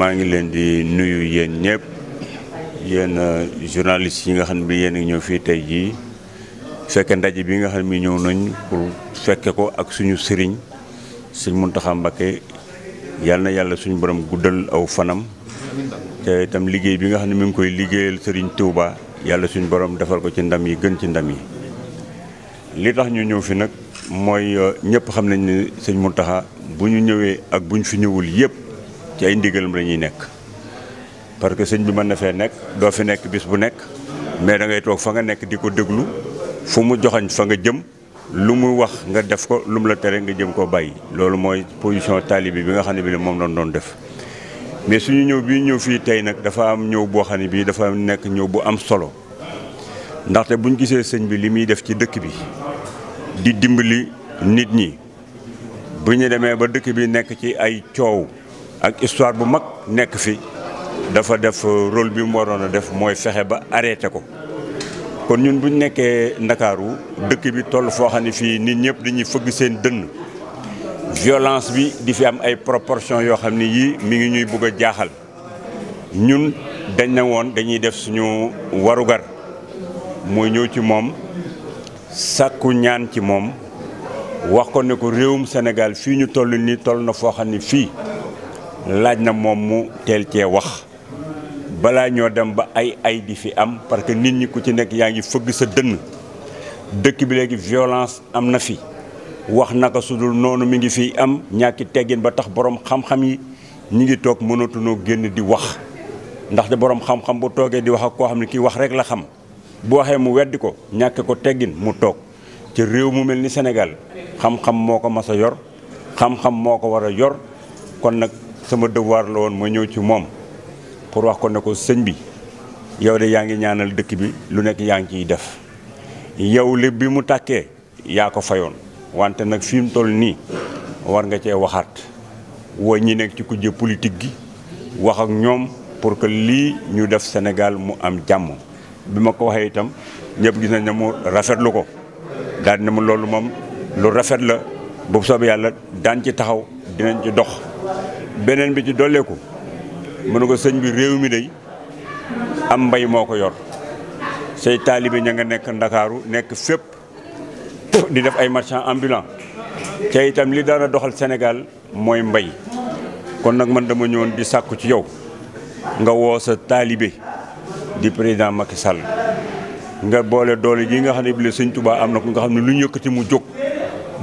maa ngi leen di nuyu yéen ñëpp yéen euh, journalistes yi nga xam ne bi yéen ñëw fii tey jii fekke ndaje bi nga xam ne bi ñëw nañ pour fekke ko ak suñu sëriñ sëñ Muntaxa Mbakke yàlla na yàlla suñu borom guddal aw fanam te itam liggéey bi nga xam ne mi ngi koy liggéeyal sëriñ Touba yàlla suñu borom defal ko ci ndam yi gën ci ndam yi li tax ñu ñëw fi nag mooy euh, ñëpp xam nañ ne sëñ Muntaxa bu ñu ñëwee ak bu ñu fi ñëwul yëpp ci ay ndigalam la ñuy nekk parce que sëñ bi mën na fee nekk doo fi nekk bis bu nekk mais da ngay toog fa nga nekk di ko déglu fu mu joxañ fa nga jëm lu mu wax nga def ko lu mu la tere nga jëm koo bàyyi loolu mooy position taalibe bi nga xam ne bi moom doon doon def mais suñu ñëw bii ñëw fii tey nag dafa am ñëw boo ne bii dafa nekk ñëw bu am solo ndaxte buñ gisee sëñ bi li muy def ci dëkk bi di dimbali nit ñi bu ñu demee ba dëkk bi nekk ci ay coow ak histoire bu mag nekk fi dafa def euh, rôle bi mu waroon a def mooy fexe ba arrêté ko kon ñun bu ñu nekkee ndakaaru dëkk bi toll foo xam ne fii nit ñëpp dañuy fëgg seen dënn violence bi di fi am ay proportion yoo xam ne yii mi ngi ñuy bugg jaaxal ñun dañ na woon dañuy def suñu warugar mooy ñëw ci moom sàkku ñaan ci moom wax ko ne ko réewum senegal fii ñu toll nii toll na foo xam ne fii laaj na moom mu teel cee wax balaa ñoo dem ba ay ay di fi am parce que nit ñi ku ci nekk yaa ngi fëgg sa dënn dëkk bi léegi violence am na fi wax naka su dul noonu mi ngi fi am ñàkki teggin ba tax borom xam-xam yi ñi ngi toog mënatunoo génn di wax ndaxte borom xam-xam bu toogee di wax ak koo xam ne kii wax rek la xam bu waxee mu weddi ko ñàkk ko teggin mu toog ci réew mu mel ni Sénégal xam-xam moo ko mas a yor xam-xam moo ko war a yor kon nag sama devoir la woon ma ñëw ci moom pour wax ko ne ko sëñ bi yow de yaa ngi ñaanal dëkk bi lu nekk yaa ngi ciy def yow li bi mu tàkkee yaa ko fayoon wante nag fi mu toll nii war nga cee waxaat woo ñi nekk ci kujje politique gi wax ak ñoom pour que lii ñu def senegal mu am jàmm bi ma ko waxee itam ñëpp gis nañ ne mu rafetlu ko daal dina mu loolu moom lu rafet la bu soob yàlla daan ci taxaw dinañ ci dox beneen bi ci dolleeku mu ne ko sëñ bi réew mi day am mbay moo ko yor say taalibe ña nga nekk ndakaaru nekk fépp di def ay marchand ambulant te itam li daana doxal senegal mooy mbay kon nag man dama ñëwoon di sàkku ci yow nga woo sa taalibe di président Macky Sall nga boole doole ji nga xam ne bi la sëñ tubaa am na ko nga xam ne lu ñu yëkkati mu jóg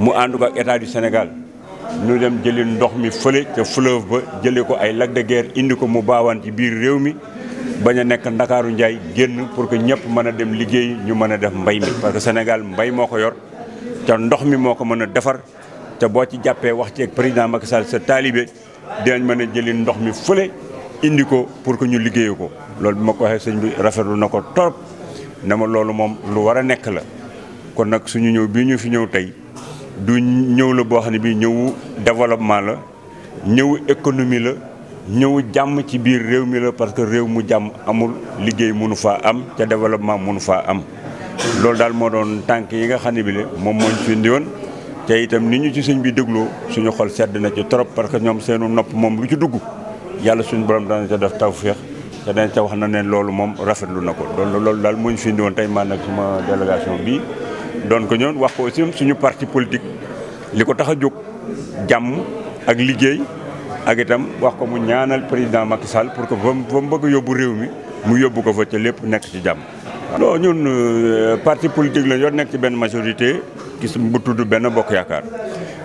mu ànd ko ak état du Sénégal ñu dem jëli ndox mi fële ca fleuve ba jëlee ko ay lac de indi ko mu baawaan ci biir réew mi bañ a nekk ndakaaru njaay génn pour que ñëpp mën a dem liggéey ñu mën a def mbay mi parce que Sénégal mbay moo ko yor te ndox mi moo ko mën a defar te boo ci jàppee wax ci ak président Macky Sall sa taalibe dinañ mën a jëli ndox mi fële indi ko pour que ñu liggéey ko loolu bi ma ko waxee sëñ bi rafetlu na ko torop na ma loolu moom lu war a nekk la kon nag suñu ñëw bii ñu fi ñëw tey du ñëw la boo xam ne bii ñëwu développement la ñëwu économie la ñëwu jàmm ci biir réew mi la parce que réew mu jàmm amul liggéey munu faa am ca développement mënu faa am loolu daal moo doon tànk yi nga xam ne bi le moom mooñ fi indi woon te itam ni ñu ci sëñ bi dégloo suñu xol sedd na ci trop parce que ñoom seenu nopp moom lu ci dugg yàlla suñu borom dana ca def tawféex te dañ ca wax na ne loolu moom rafetlu na ko loolu loolu daal moo fi indi tey man nag suma délégation bi doon ko ñoon wax ko aussi suñu parti politique li ko tax a jóg jàmm ak liggéey ak itam wax ko mu ñaanal président Macky sal pour que fa mu bëgg yóbbu réew mi mu yóbbu ko fa ca lépp nekk ci jàmm. non ñun euh, parti politique la yoo nekk ci benn majorité gis bu tudd benn bokk yaakaar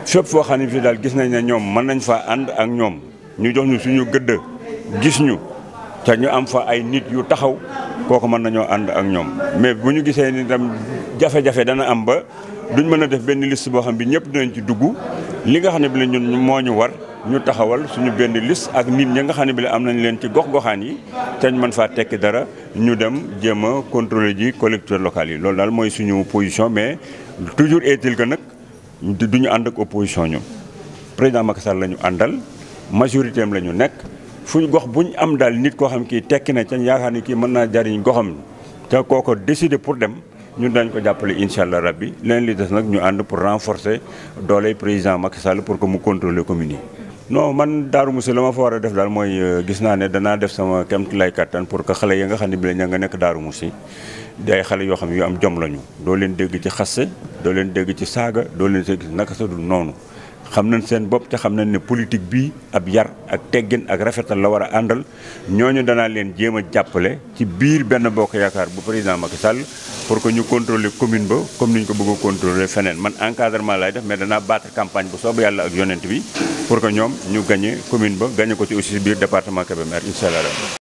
fépp foo xam ne fii daal gis nañ ne ñoom mën nañ fa ànd ak ñoom ñu jox ñu suñu gëddë gis ñu te ñu am fa ay nit yu taxaw. kooku mën nañoo ànd ak ñoom mais bu ñu gisee ni tam jafe-jafe dana am ba duñ mën a def benn liste boo xam bi ñëpp dinañ ci dugg li nga xam ne bi la ñun moo ñu war ñu taxawal suñu benn liste ak nit ñi nga xam ne bi la am nañ leen ci gox-goxaan yi te ñu mën faa tekki dara ñu dem jéem a contrôler ji collecteur local yi loolu daal mooy suñu position mais toujours est-il que nag duñu ànd ak opposition ñun président Macky Sall la ñu àndal majorité am la ñu nekk fu ñu gox buñ am daal nit koo xam kii tekki na ca yaakaar ni kii mën naa jariñ goxam te kooko décidé pour dem ñun dañ ko jàppale incha allah rabbi leen li des nag ñu ànd pour renforcer doole président Macky Sall pour que mu contrôler commune yi. non man Darou Moussi la ma fa def daal mooy euh, gis naa ne danaa def sama kemt lay kattan pour que xale yi nga xam ne bi la nga nekk daaru Moussi day xale yoo xam ne yu am jom lañu doo leen dégg ci xasse doo leen dégg ci saaga doo leen dégg ci naka sa dul noonu. xam nañ seen bopp te xam nañ ne politique bi ab yar ak teggin ak rafetal la war a àndal ñu danaa leen jéem a jàppale ci biir benn bokk yaakaar bu président Macky Sall pour que ñu contrôler commune ba comme ni ñu ko bëgg a contrôler feneen man encadrement laay def mais danaa battre campagne bu soobu yàlla ak yonent bi pour que ñoom ñu gagné commune ba gagné ko ci aussi biir département Kébémer incha allah.